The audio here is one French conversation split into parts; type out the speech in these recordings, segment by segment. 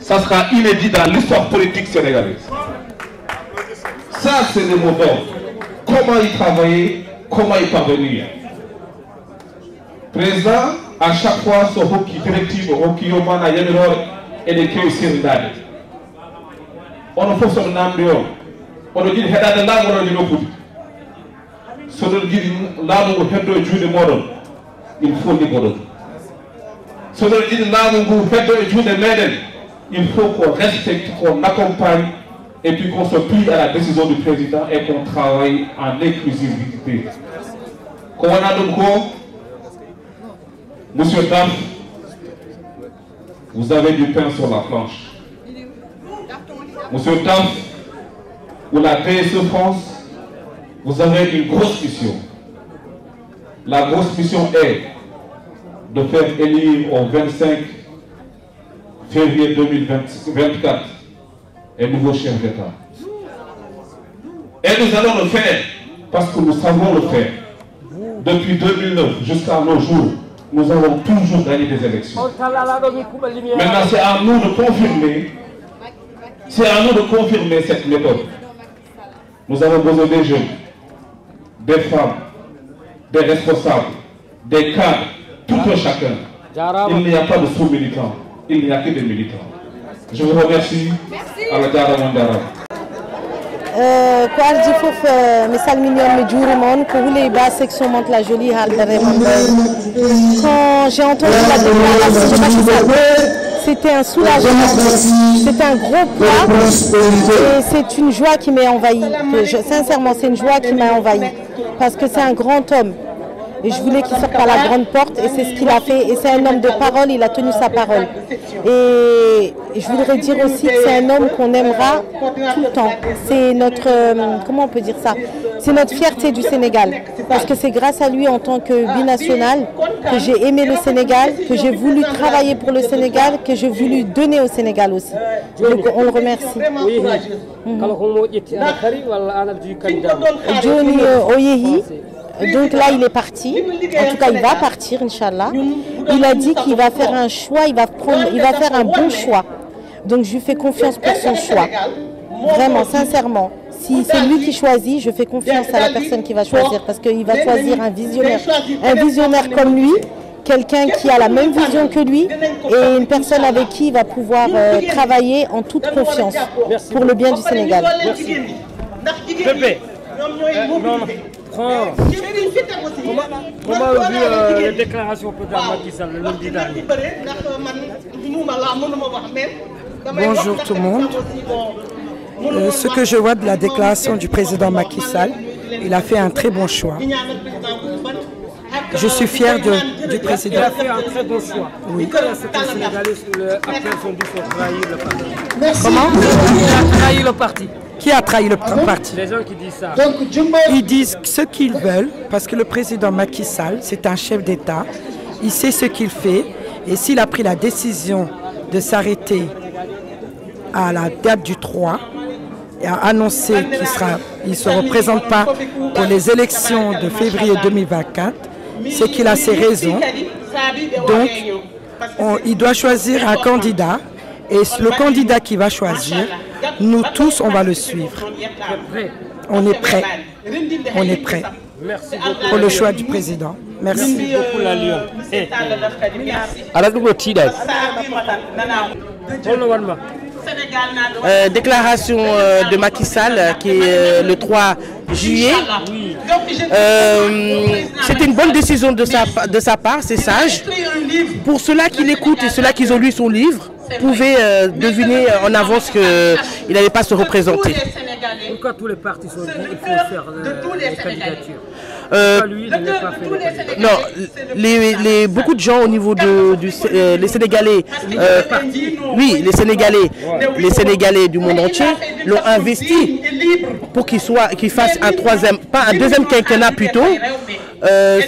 ça sera inédit dans l'histoire politique sénégalaise. Ça, c'est le mots Comment y travailler, comment y parvenir. Présent à chaque fois, ce qui directive, Rokiyoman, Ayanor, et les au Sénégal. On ne fait son âme On ne dit pas que l'âme est en train So non jiɗi laamu ngu heddo juuɗe moɗon il faut le so non jiɗi laamu ngu heddo le le il faut qu'on respecte, qu'on accompagne et puis qu'on se plie à la décision du président et qu'on travaille en inclusivité. de Monsieur Taf, vous avez du pain sur la planche. Monsieur Taf, ou la PSE France, vous avez une grosse mission. La grosse mission est de faire élire aux 25 février 2024, et nouveau chef d'État. Et nous allons le faire parce que nous savons le faire. Depuis 2009 jusqu'à nos jours, nous avons toujours gagné des élections. Maintenant, c'est à nous de confirmer. C'est à nous de confirmer cette méthode. Nous avons besoin des jeunes, des femmes, des responsables, des cadres, tout un chacun. Il n'y a pas de sous-militants il n'y a que des militants. Je vous remercie. Quoi koarji fof mi Mes on mi juurima pour vous les bas, section monte la Jolie haaldere quand j'ai entendu la déclaration de c'était un soulagement c'est un gros poids et c'est une joie qui m'est envahie sincèrement c'est une joie qui m'a envahie parce que c'est un grand homme et je voulais qu'il sorte par la grande porte et c'est ce qu'il a fait. Et c'est un homme de parole, il a tenu sa parole. Et je voudrais dire aussi que c'est un homme qu'on aimera tout le temps. C'est notre, euh, comment on peut dire ça C'est notre fierté du Sénégal. Parce que c'est grâce à lui en tant que binational que j'ai aimé le Sénégal, que j'ai voulu travailler pour le Sénégal, que j'ai voulu donner au Sénégal aussi. Donc on le remercie. Euh, Oyehi, donc là, il est parti. En tout cas, il va partir, Inch'Allah. Il a dit qu'il va faire un choix, il va, prendre, il va faire un bon choix. Donc je lui fais confiance pour son choix. Vraiment, sincèrement. Si c'est lui qui choisit, je fais confiance à la personne qui va choisir parce qu'il va choisir un visionnaire. Un visionnaire comme lui, quelqu'un qui a la même vision que lui et une personne avec qui il va pouvoir euh, travailler en toute confiance pour le bien du Sénégal. Bonjour tout le monde. Euh, ce que je vois de la déclaration du président Macky Sall, il a fait un très bon choix. Je suis fier du président. Il a fait un très bon choix. Oui. parti. Comment a trahi le parti. Qui a trahi le ah parti Les gens qui disent ça. Ils disent ce qu'ils veulent parce que le président Macky Sall, c'est un chef d'État. Il sait ce qu'il fait. Et s'il a pris la décision de s'arrêter à la date du 3 et a annoncé qu'il ne se représente pas pour les élections de février 2024, c'est qu'il a ses raisons. Donc, il doit choisir un candidat et le candidat qui va choisir, nous tous, on va le suivre. On est prêt. On est prêt. Merci Pour le choix du président. Merci. Merci beaucoup, la Lyon. Eh, eh. Euh, déclaration euh, de Macky Sall euh, qui est le 3 juillet. C'était une bonne décision de sa, de sa part, c'est sage. Pour ceux-là qui l'écoutent et ceux-là qui ont lu son livre, pouvaient deviner en avance qu'il n'allait pas se représenter. Pourquoi tous les partis sont de tous les candidatures euh, non, les, beaucoup de gens au niveau de du, euh, les Sénégalais, euh, oui, les Sénégalais, les Sénégalais du monde entier l'ont investi pour qu'ils soit, qu'ils fasse un troisième, pas un deuxième quinquennat plutôt.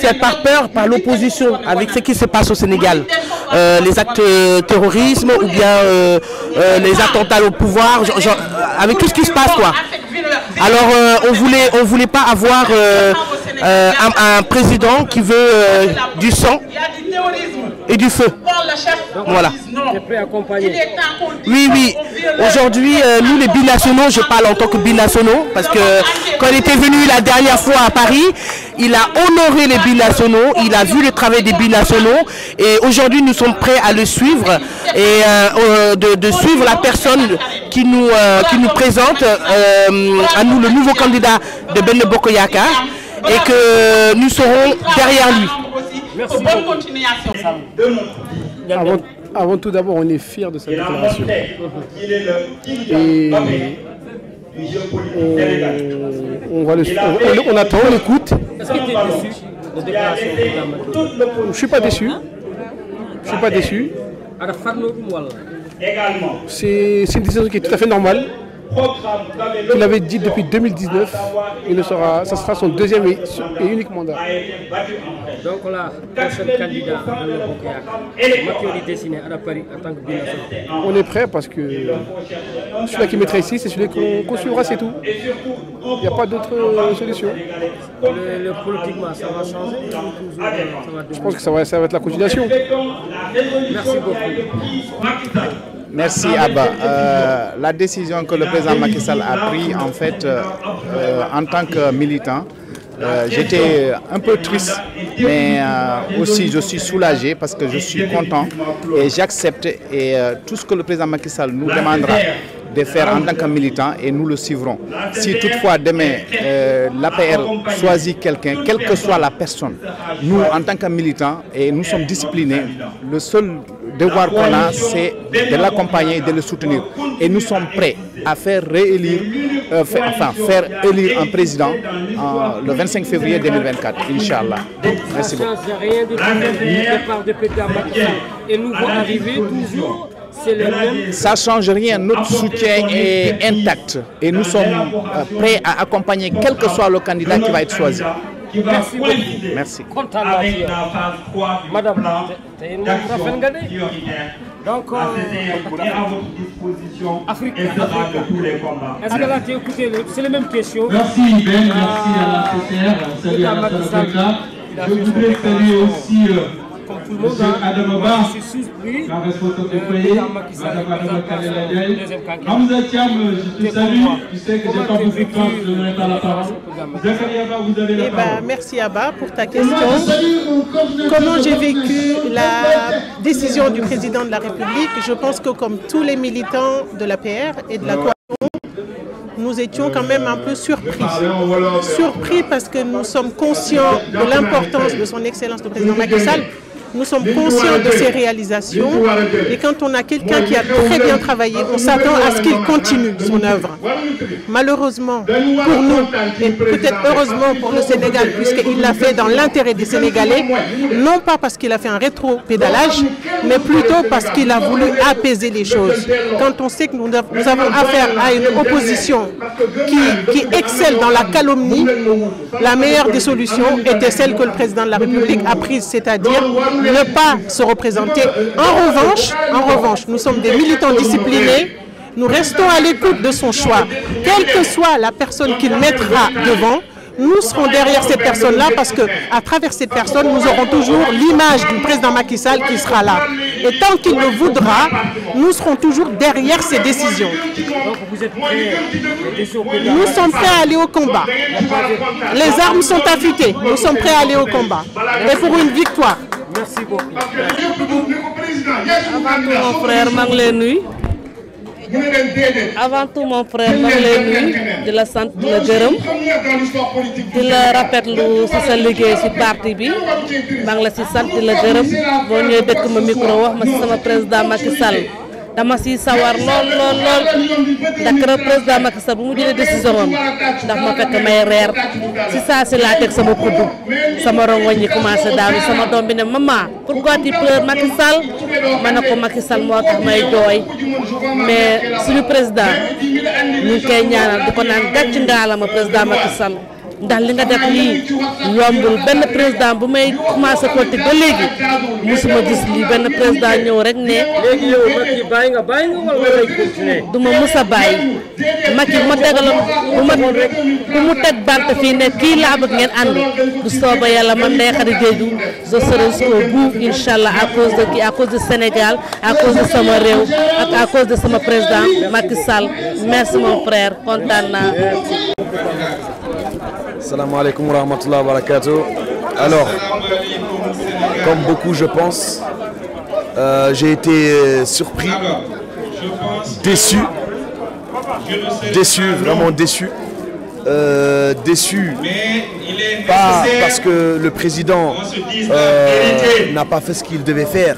c'est par peur, par l'opposition avec ce qui se passe au Sénégal. les actes de terrorisme ou bien les attentats au pouvoir, avec tout ce qui se passe quoi. Alors on voulait, on voulait pas avoir euh, un, président qui veut euh, du sang et du feu. Voilà. Oui, oui. Aujourd'hui, euh, nous les binationaux, je parle en tant que binationaux, parce que quand il était venu la dernière fois à Paris, il a honoré les binationaux, il a vu le travail des binationaux, et aujourd'hui nous sommes prêts à le suivre, et de, suivre la personne qui nous, qui nous présente à nous le nouveau candidat de Benne Bokoyaka et que nous serons derrière lui. Bonne continuation. Avant, tout d'abord, on est fiers de cette déclaration. Et on, on, va le, on, on attend, on écoute. Je ne suis pas déçu. Je ne suis pas déçu. C'est une décision qui est tout à fait normale. Il avait dit depuis 2019, il sera, ça sera son deuxième et, unique mandat. Donc là, seul candidat à Paris en tant que On est prêt parce que celui qui mettra ici, c'est celui qu'on construira, c'est tout. Il n'y a pas d'autre euh, solution. Le, ça va changer euh, Je pense que ça va être la continuation. Merci beaucoup. Merci ah, Abba. Euh, la décision que le président Macky Sall a prise, en fait, euh, euh, en tant que militant, j'étais un peu triste, mais aussi je suis soulagé parce que je suis content et j'accepte et tout ce que le président Macky Sall nous demandera de faire en tant que militant et nous le suivrons. Si toutefois demain l'APR choisit quelqu'un, quelle que soit la personne, nous en tant que militants et nous sommes disciplinés, le seul devoir qu'on a, c'est de l'accompagner et de le soutenir. Et nous sommes prêts à faire réélire, euh, faire, élire un président euh, le 25 février 2024, Inch'Allah. Merci beaucoup. Ça Et nous arriver toujours ça ne change rien, notre soutien est intact et nous sommes euh, prêts à accompagner quel que soit le candidat qui va être choisi qui va coïncider Merci. avec la phase 3 du Madame, plan d'action prioritaire. Donc, euh, est à votre disposition Afrique, et sera de tous les combats. Est-ce que là, tu écouté C'est la même question. Merci, Ben, merci à ah. la CCR, salut à la Je voudrais saluer aussi. Euh, responsable hein. je Tu sais que j'ai pas de temps, je la eh ben, parole. Merci Abba pour ta question. Comment j'ai vécu la décision du président de la République Je pense que comme tous les militants de la PR et de la coalition, nous étions quand même un peu surpris. Surpris parce que nous sommes conscients de l'importance de son excellence, le président Macky Sall, nous sommes conscients de ces réalisations et quand on a quelqu'un qui a très bien travaillé, on s'attend à ce qu'il continue son œuvre. Malheureusement pour nous, et peut-être heureusement pour le Sénégal, puisqu'il l'a fait dans l'intérêt des Sénégalais, non pas parce qu'il a fait un rétro-pédalage, mais plutôt parce qu'il a voulu apaiser les choses. Quand on sait que nous, avons affaire à une opposition qui, qui excelle dans la calomnie, la meilleure des solutions était celle que le président de la République a prise, c'est-à-dire ne pas se représenter. En revanche, en revanche, nous sommes des militants disciplinés. Nous restons à l'écoute de son choix. Quelle que soit la personne qu'il mettra devant, nous serons derrière ces personnes-là parce que à travers cette personne, nous aurons toujours l'image du président Macky Sall qui sera là. Et tant qu'il le voudra, nous serons toujours derrière ses décisions. nous sommes prêts à aller au combat. Les armes sont affûtées. Nous sommes prêts à aller au combat. Et pour une victoire merci beaucoup. avant tout mon frère maa ngi lay nuyu. avant tout mon frère maa ngi lay nuyu di la sant de la gërëm di la rafetlu si sa liggéey si parti bi maa ngi la si sant di la gërëm boo ñëwee dëkk ma micro wax ma si sama président Macky Sall. dama si sawar lool lool lool ndax président Macky Sall bu mu jëlee décision am ndax ma fekk may reer si saa si laa teg sama kudd sama rongoñ yi commencé daanu sama doom bi ne maman pourquoi tu pleures Macky Sall ma ne ko Macky Sall moo may jooy mais suñu président ñu ngi koy ñaanal di ko naan gàcc ngaalama président Macky Sall. ndax li nga def lii yombul presidente, président bu may commencé politique ba léegi musuma gis lii benn président ñëw rek ne. léegi que Macky bàyyi nga bàyyi nga wala ngay continuer. du ma mus a bàyyi o bu ma tegaloon bu ma bu mu teg bant fii ne kii laa bëgg ngeen ànd bu sooba yàlla man day xarit géeju je serai jusqu'au bout incha à cause de kii à cause de Sénégal à cause de sama réew ak à cause de sama président Macky Sall merci mon frère kontaan naa. Alors, comme beaucoup, je pense, euh, j'ai été euh, surpris, déçu, déçu, vraiment déçu. Euh, déçu, pas parce que le président n'a pas fait ce qu'il devait faire,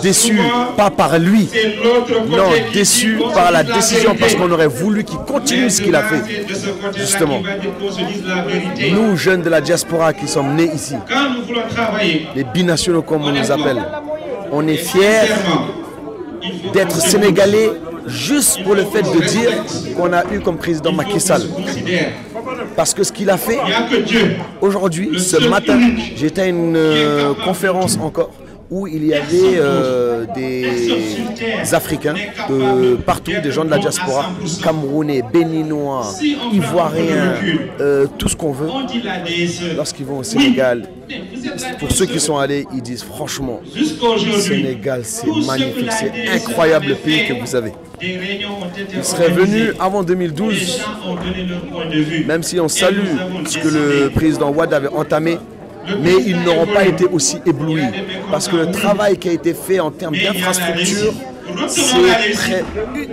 déçu pas par lui, non, déçu par la décision parce qu'on aurait voulu qu'il continue ce qu'il a fait. Justement, nous, jeunes de la diaspora qui sommes nés ici, les binationaux comme on nous appelle, on est fiers d'être sénégalais juste pour le fait de dire qu'on a eu comme président Macky Sall. Parce que ce qu'il a fait, aujourd'hui, ce matin, j'étais à une euh, conférence encore où il y avait euh, des Africains de partout, des gens de la diaspora, Camerounais, Béninois, Ivoiriens, euh, tout ce qu'on veut. Lorsqu'ils vont au Sénégal, pour ceux qui sont allés, ils disent franchement, Sénégal, c'est magnifique, c'est incroyable le pays que vous avez. Ils seraient venus avant 2012, même si on salue ce que le président Ouad avait entamé mais ils n'auront pas été aussi éblouis. Parce que le travail qui a été fait en termes d'infrastructure, c'est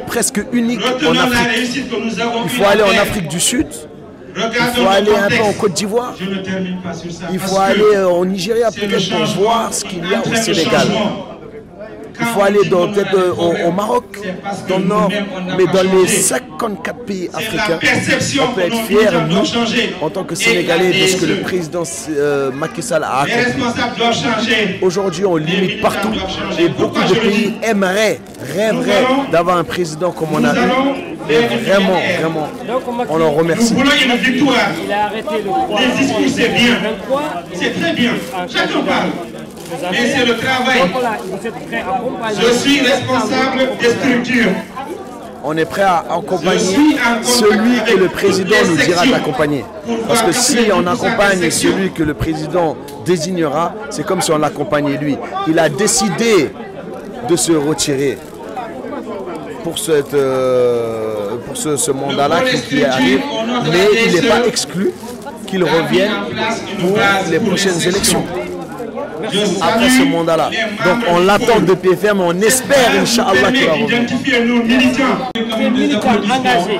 presque unique en Afrique. Il faut aller en Afrique du Sud, il faut aller un peu en Côte d'Ivoire, il faut aller euh, au Nigeria pour voir ce qu'il y a au Sénégal faut aller dans, peut-être euh, au, Maroc, dans le Nord, mais dans les 54 pays africains, on peut être fier nous, en tant que Sénégalais, de ce que le président euh, Macky Sall a accompli. Aujourd'hui, on limite partout et beaucoup de pays aimeraient, rêveraient d'avoir un président comme on a eu. vraiment, vraiment, on leur remercie. Il a arrêté le croix. Les discours, c'est bien. C'est très bien. Ah, Chacun parle c'est le travail. Je suis responsable des structures. On est prêt à accompagner celui que le président nous dira d'accompagner. Parce que si on accompagne celui que le président désignera, c'est comme si on l'accompagnait lui. Il a décidé de se retirer pour, cette, euh, pour ce, mandat-là qui, est arrive, mais il n'est pas exclu qu'il revienne pour les prochaines élections après ce mandat-là. Donc on l'attend depuis ferme, on espère, Inch'Allah, qu'il va revenir. Identifiez-nous, militants. Militants engagés,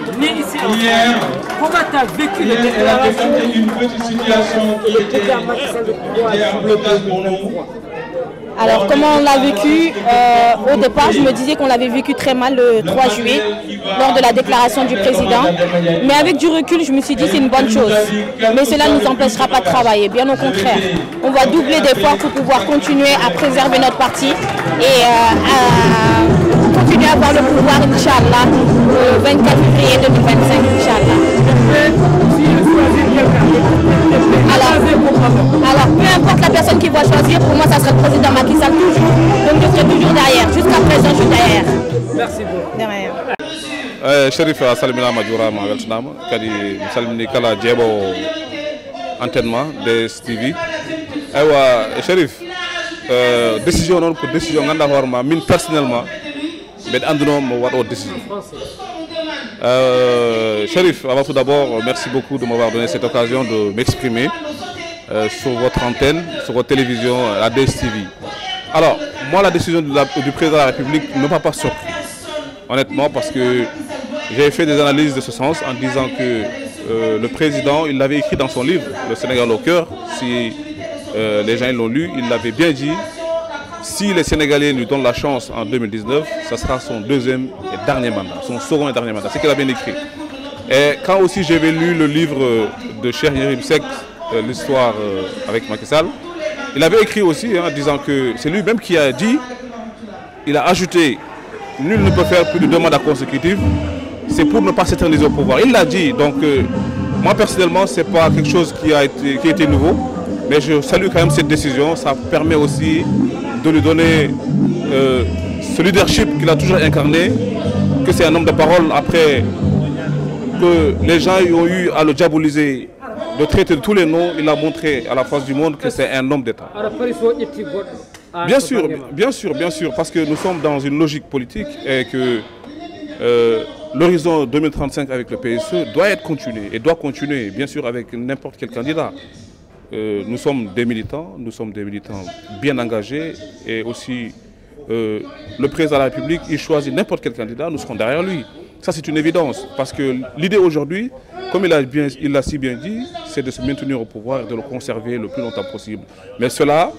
Comment tu as vécu le déclaration Elle a une petite situation qui était un peu de pour alors comment on l'a vécu euh, Au départ, je me disais qu'on l'avait vécu très mal le 3 juillet, lors de la déclaration du président. Mais avec du recul, je me suis dit c'est une bonne chose. Mais cela ne nous empêchera pas de travailler, bien au contraire. On va doubler d'efforts pour pouvoir continuer à préserver notre parti et euh, à continuer à avoir le pouvoir, Inch'Allah, le 24 février 2025, Inch'Allah. Alors, alors, peu importe la personne qui va choisir, pour moi, ça sera le président Macky Sall toujours. Donc, je serai toujours derrière. Jusqu'à présent, je suis derrière. Merci beaucoup. De rien. sherif a salminama juurama weltanama Kali, mi salmini kala jeeɓowo entraînement des tv Chérif, sherif euh, décision pour décision ganduɗa hoorema mine personnellement mbeɗa anduno mo waɗo décision euh, Chérif, avant tout d'abord, merci beaucoup de m'avoir donné cette occasion de m'exprimer euh, sur votre antenne, sur votre télévision, la DSTV. Alors, moi, la décision du président de la République ne m'a pas surpris, honnêtement, parce que j'ai fait des analyses de ce sens en disant que euh, le président, il l'avait écrit dans son livre, Le Sénégal au cœur, si les gens l'ont lu, il l'avait bien dit, si les Sénégalais lui donnent la chance en 2019, ce sera son deuxième et dernier mandat, son second et dernier mandat. C'est qu'il a bien écrit. Et quand aussi j'avais lu le livre de Cher Yerim Sek, euh, l'histoire euh, avec Macky Sall, il avait écrit aussi en hein, disant que c'est lui-même qui a dit, il a ajouté, nul ne peut faire plus de deux mandats consécutifs, c'est pour ne pas s'éterniser au pouvoir. Il l'a dit, donc euh, moi personnellement, ce n'est pas quelque chose qui a, été, qui a été nouveau, mais je salue quand même cette décision, ça permet aussi de lui donner euh, ce leadership qu'il a toujours incarné, que c'est un homme de parole après que les gens ont eu à le diaboliser, de traiter de tous les noms, il a montré à la face du monde que c'est un homme d'État. Bien sûr, bien sûr, bien sûr, parce que nous sommes dans une logique politique et que euh, l'horizon 2035 avec le PSE doit être continué et doit continuer, bien sûr, avec n'importe quel candidat. Euh, nous sommes des militants, nous sommes des militants bien engagés et aussi euh, le président de la République, il choisit n'importe quel candidat, nous serons derrière lui. Ça c'est une évidence parce que l'idée aujourd'hui, comme il l'a si bien dit, c'est de se maintenir au pouvoir et de le conserver le plus longtemps possible. Mais cela,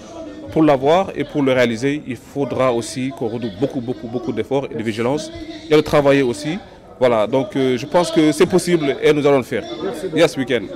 pour l'avoir et pour le réaliser, il faudra aussi qu'on redouble beaucoup, beaucoup, beaucoup d'efforts et de vigilance et de travailler aussi. Voilà, donc euh, je pense que c'est possible et nous allons le faire. Yes, weekend.